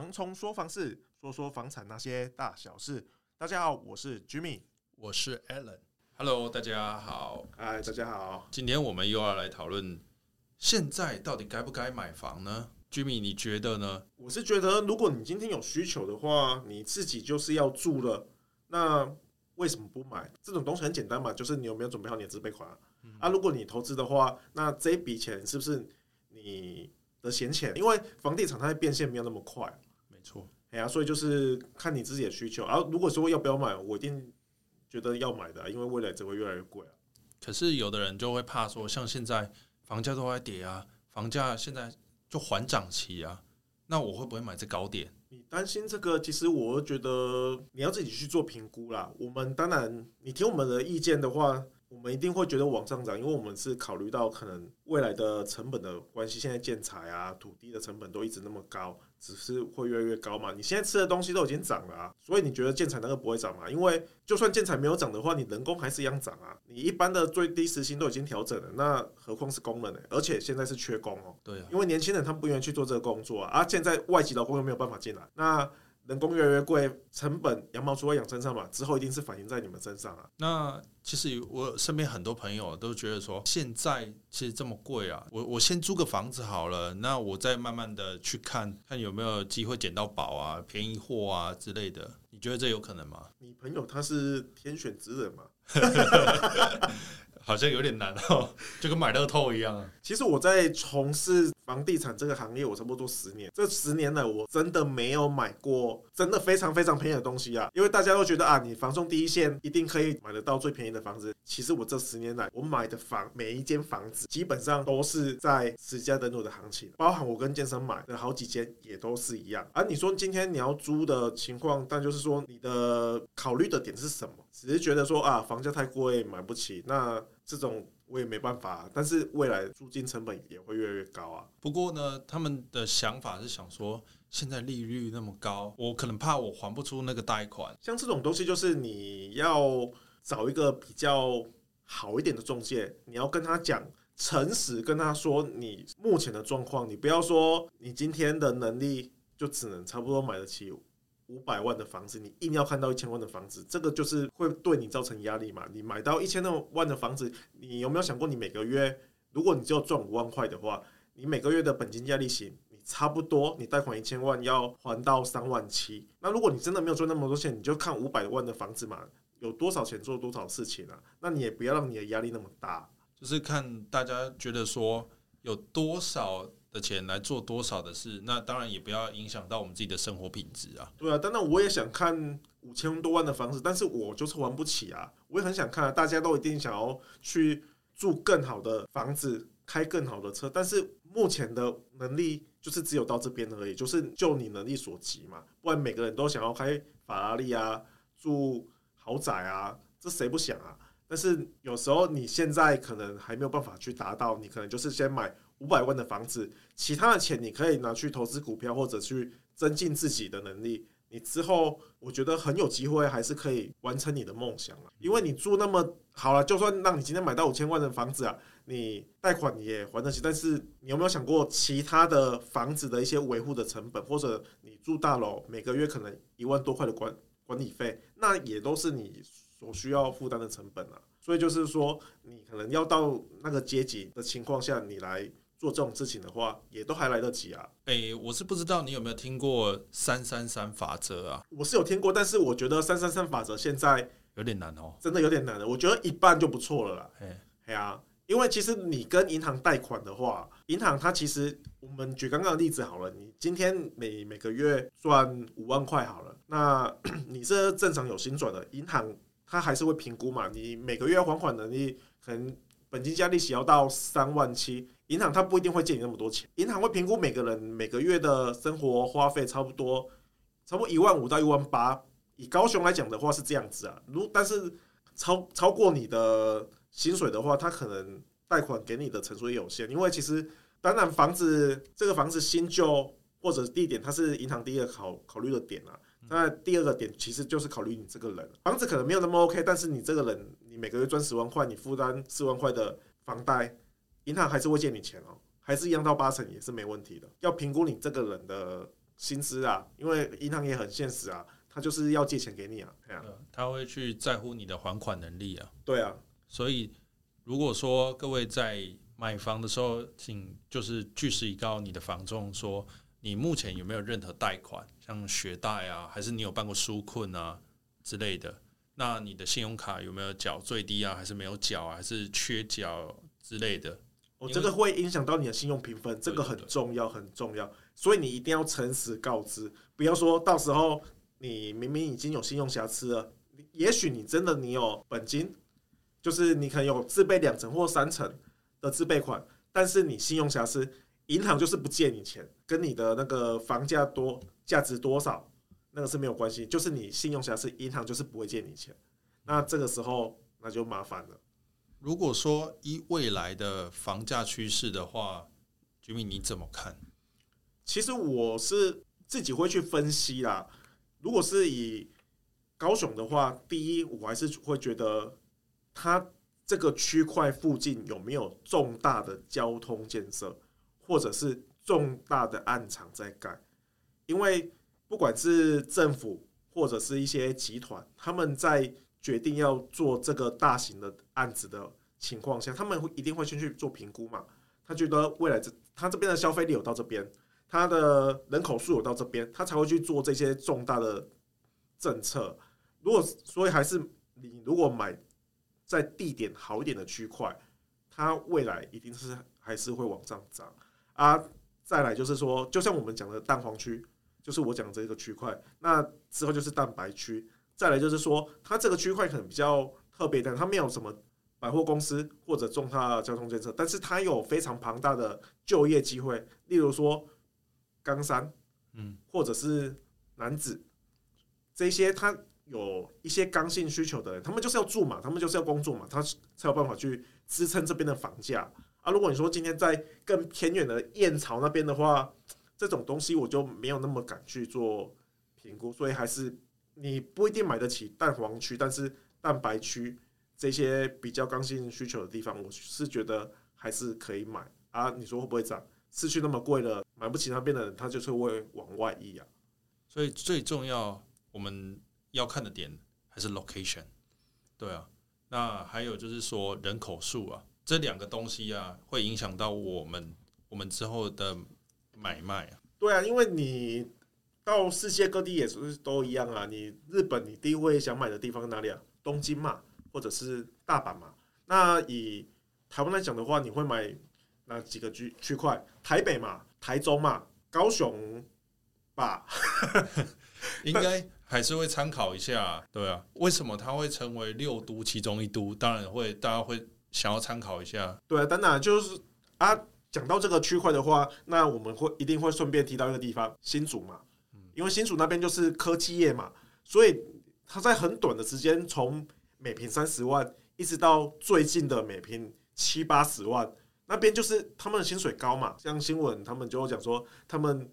房充說房事，說說房產那些大小事。大家好，我是 Jimmy，我是 Alain。Hello，大家好，嗨，大家好。今天我們又要來討論，現在到底該不該買房呢？Jimmy，你覺得呢？我是覺得，如果你今天有需求的話，你自己就是要住了，那為什麼不買？這種東西很簡單嘛，就是你有沒有準備好你的自備款、嗯、哼啊？啊，如果你投資的話，那這筆錢是不是你的閒錢？因為房地產它變現沒有那麼快。錯，哎呀，啊，所以就是看你自己的需求啊。如果說要不要買，我一定覺得要買的，因為未來只會越來越貴啊。可是有的人就會怕說，像現在房價都在跌啊，房價現在就緩漲期啊，那我會不會買這高點？你擔心這個，其實我覺得你要自己去做評估啦。我們當然，你聽我們的意見的話。我們一定會覺得往上漲，因為我們是考慮到可能未來的成本的關係。現在建材啊、土地的成本都一直那麼高，只是會越來越高嘛。你現在吃的東西都已經漲了啊，所以你覺得建材那個不會漲嘛？因為就算建材沒有漲的話，你人工還是一樣漲啊。你一般的最低時薪都已經調整了，那何況是工人呢、欸？而且現在是缺工哦、喔，對、啊，因為年輕人他們不願意去做這個工作啊，啊現在外籍勞工又沒有辦法進來，那。人工越來越貴，成本羊毛出在羊身上嘛，之後一定是反映在你們身上啊。那其實我身邊很多朋友都覺得說，現在其實這麼貴啊，我我先租個房子好了，那我再慢慢的去看看有沒有機會撿到寶啊，便宜貨啊之類的。你覺得這有可能嗎？你朋友他是天選之人嗎？ 好像有點難哦,就跟買樂透一樣啊。其實我在從事房地產這個行業，我差不多十年。這十年來，我真的沒有買過真的非常非常便宜的東西啊。因為大家都覺得啊，你房仲第一線一定可以買得到最便宜的房子。其實我這十年來，我買的房每一間房子基本上都是在實價登錄的行情，包含我跟健身買的好幾間也都是一樣、啊。而你說今天你要租的情況，但就是說你的考慮的點是什麼？只是覺得說啊，房價太貴，買不起。那這種我也沒辦法。但是未來租金成本也會越來越高啊。不過呢，他們的想法是想說，現在利率那麼高，我可能怕我還不出那個貸款。像這種東西，就是你要找一個比較好一點的中介，你要跟他講，誠實跟他說你目前的狀況，你不要說你今天的能力就只能差不多買得起。五百萬的房子，你硬要看到一千萬的房子，這個就是會對你造成壓力嘛。你買到一千多萬的房子，你有沒有想過，你每個月如果你只有賺五萬塊的話，你每個月的本金加利息，你差不多，你貸款一千萬要還到三萬七。那如果你真的沒有賺那麼多錢，你就看五百萬的房子嘛，有多少錢做多少事情啊。那你也不要讓你的壓力那麼大，就是看大家覺得說有多少。的錢來做多少的事，那當然也不要影響到我們自己的生活品質啊。對啊，當然我也想看五千多萬的房子，但是我就是玩不起啊。我也很想看啊，大家都一定想要去住更好的房子，開更好的車，但是目前的能力就是只有到這邊而已，就是就你能力所及嘛。不然每個人都想要開法拉利啊，住豪宅啊，這誰不想啊？但是有時候你現在可能還沒有辦法去達到，你可能就是先買。五百萬的房子，其他的錢你可以拿去投資股票或者去增進自己的能力。你之後我覺得很有機會，還是可以完成你的夢想了。因為你住那麼好了，就算讓你今天買到五千萬的房子啊，你貸款也還得起。但是你有沒有想過，其他的房子的一些維護的成本，或者你住大樓每個月可能一萬多塊的管管理費，那也都是你所需要負擔的成本啊。所以就是說，你可能要到那個階級的情況下，你來。做這種事情的話，也都還來得及啊。誒、欸，我是不知道你有沒有聽過“三三三法則”啊？我是有聽過，但是我覺得“三三三法則”現在有點難哦，真的有點難的。我覺得一半就不錯了啦。誒、欸，對啊，因為其實你跟銀行貸款的話，銀行它其實我們舉剛剛的例子好了，你今天每每個月賺五萬塊好了，那 你這正常有薪轉的，銀行它還是會評估嘛，你每個月還款能力可能。本金加利息要到三萬七，銀行它不一定會借你那麼多錢。銀行會評估每個人每個月的生活花費，差不多，差不多一萬五到一萬八。以高雄來講的話是這樣子啊，如但是超超過你的薪水的話，他可能貸款給你的成數也有限。因為其實當然房子這個房子新舊或者地點，它是銀行第一個考考慮的點啊。那第二個點其實就是考慮你這個人，房子可能沒有那麼 OK，但是你這個人，你每個月賺十萬塊，你負擔四萬塊的房貸，銀行還是會借你錢哦、喔，還是一樣到八成也是沒問題的。要評估你這個人的薪資啊，因為銀行也很現實啊，他就是要借錢給你啊，他會去在乎你的還款能力啊，對啊。所以如果說各位在買房的時候，請就是據實以告你的房仲說。你目前有沒有任何貸款，像學貸啊，還是你有辦過紓困啊之類的？那你的信用卡有沒有繳最低啊？還是沒有繳，還是缺繳之類的？哦，這個會影響到你的信用評分，這個很重要，對對對，很重要。所以你一定要誠實告知，不要說到時候你明明已經有信用瑕疵了，也許你真的你有本金，就是你可能有自備兩成或三成的自備款，但是你信用瑕疵。銀行就是不借你錢，跟你的那個房價多價值多少那個是沒有關係，就是你信用瑕疵，銀行就是不會借你錢。那這個時候那就麻煩了。如果說以未來的房價趨勢的話，Jimmy 你怎麼看？其實我是自己會去分析啦。如果是以高雄的話，第一我還是會覺得它這個區塊附近有沒有重大的交通建設。或者是重大的案場在蓋，因為不管是政府或者是一些集團，他們在決定要做這個大型的案子的情況下，他們會一定會先去做評估嘛。他覺得未來這他這邊的消費力有到這邊，他的人口數有到這邊，他才會去做這些重大的政策。如果所以還是你如果買在地點好一點的區塊，它未來一定是還是會往上漲。啊，再來就是說，就像我們講的蛋黃區，就是我講的這個區塊。那之後就是蛋白區，再來就是說，它這個區塊可能比較特別，但它沒有什麼百貨公司或者重大的交通建設，但是它有非常龐大的就業機會，例如說岡山，嗯，或者是楠梓這些，他有一些剛性需求的人，他們就是要住嘛，他們就是要工作嘛，他才有辦法去支撐這邊的房價。啊，如果你說今天在更偏遠的燕巢那邊的話，這種東西我就沒有那麼敢去做評估，所以還是你不一定買得起蛋黃區，但是蛋白區這些比較剛性需求的地方，我是覺得還是可以買。啊，你說會不會漲？市區那麼貴了，買不起那邊的人，他就是會往外溢啊。所以最重要我們要看的點還是 location，對啊。那還有就是說人口數啊。這兩個東西啊，會影響到我們我們之後的買賣。對啊，因為你到世界各地也是都一樣啊。你日本，你第一位想買的地方哪裡啊？東京嘛，或者是大阪嘛？那以台灣來講的話，你會買哪幾個區區塊？台北嘛，台中嘛，高雄吧？ 應該還是會參考一下。對啊，為什麼它會成為六都其中一都？當然會，大家會。想要參考一下，對啊，等等、啊，就是啊，講到這個區塊的話，那我們會一定會順便提到一個地方，新竹嘛，因為新竹那邊就是科技業嘛，所以他在很短的時間從每坪三十萬一直到最近的每坪七八十萬，那邊就是他們的薪水高嘛，像新聞他們就講說，他們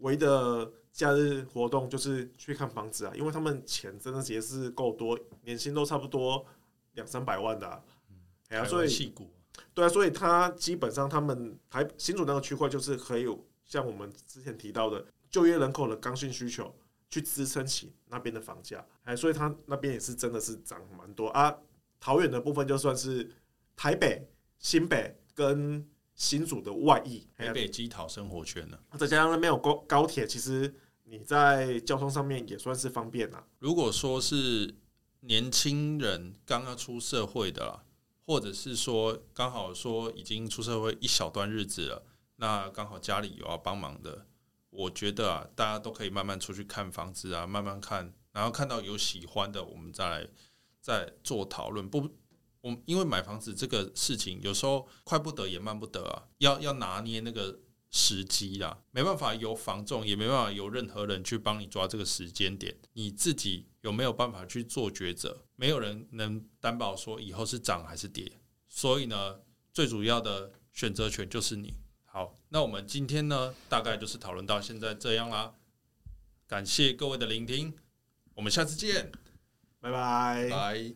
唯一的假日活動就是去看房子啊，因為他們錢真的也是夠多，年薪都差不多兩三百萬的、啊。啊、所以對啊，所以它基本上，他們台新竹那個區塊就是可以有像我們之前提到的就業人口的剛性需求去支撐起那邊的房價、啊。所以它那邊也是真的是漲蠻多啊。桃園的部分就算是台北、新北跟新竹的外溢，啊、台北基桃生活圈呢、啊，再加上那邊有高高鐵，其實你在交通上面也算是方便啦、啊。如果說是年輕人剛剛出社會的。或者是說剛好說已經出社會一小段日子了，那剛好家裡有要幫忙的，我覺得啊，大家都可以慢慢出去看房子啊，慢慢看，然後看到有喜歡的，我們再來再做討論。不，我因為買房子這個事情，有時候快不得也慢不得啊，要要拿捏那個時機啊，沒辦法由房仲，也沒辦法由任何人去幫你抓這個時間點，你自己。有沒有辦法去做抉擇？沒有人能擔保說以後是漲還是跌。所以呢，最主要的選擇權就是你。好，那我們今天呢，大概就是討論到現在這樣啦。感謝各位的聆聽，我們下次見，拜拜。